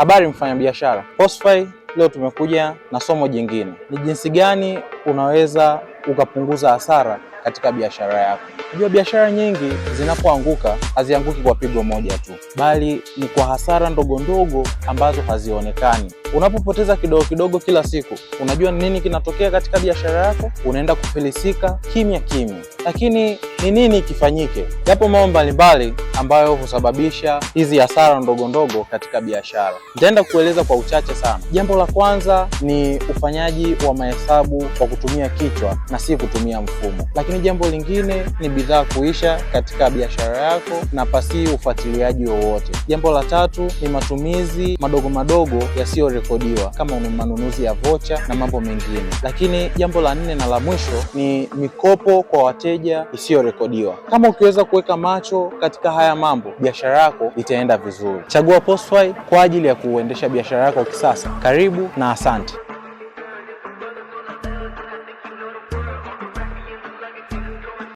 Habari mfanyabiashara, Postfy leo tumekuja na somo jingine, ni jinsi gani unaweza ukapunguza hasara katika biashara yako. Unajua biashara nyingi zinapoanguka hazianguki kwa pigo moja tu, bali ni kwa hasara ndogo ndogo ambazo hazionekani. Unapopoteza kidogo kidogo kila siku, unajua nini kinatokea katika biashara yako? Unaenda kufilisika kimya kimya. Lakini ni nini kifanyike? Yapo mambo mbalimbali ambayo husababisha hizi hasara ndogo ndogo katika biashara. Nitaenda kueleza kwa uchache sana. Jambo la kwanza ni ufanyaji wa mahesabu kwa kutumia kichwa na si kutumia mfumo, lakini jambo lingine ni bidhaa kuisha katika biashara yako na pasi ufuatiliaji wowote. Jambo la tatu ni matumizi madogo madogo yasiyorekodiwa kama manunuzi ya vocha na mambo mengine. Lakini jambo la nne na la mwisho ni mikopo kwa wateja isiyorekodiwa. Kama ukiweza kuweka macho katika haya haya mambo, biashara yako itaenda vizuri. Chagua Postwhy kwa ajili ya kuendesha biashara yako kisasa. Karibu na asante.